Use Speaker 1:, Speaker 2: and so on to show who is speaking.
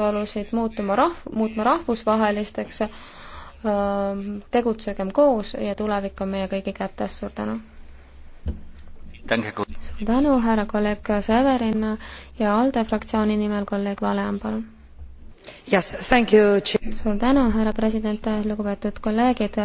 Speaker 1: vastuolusid muutuma rahv-, muutma rahvusvahelisteks, ähm, tegutsegem koos ja tulevik on meie kõigi kätes, suur tänu!
Speaker 2: suur
Speaker 1: tänu, härra kolleeg Severin ja ALDE fraktsiooni nimel kolleeg Valean, palun! Yes, thank you. suur tänu, härra president, lugupeetud kolleegid,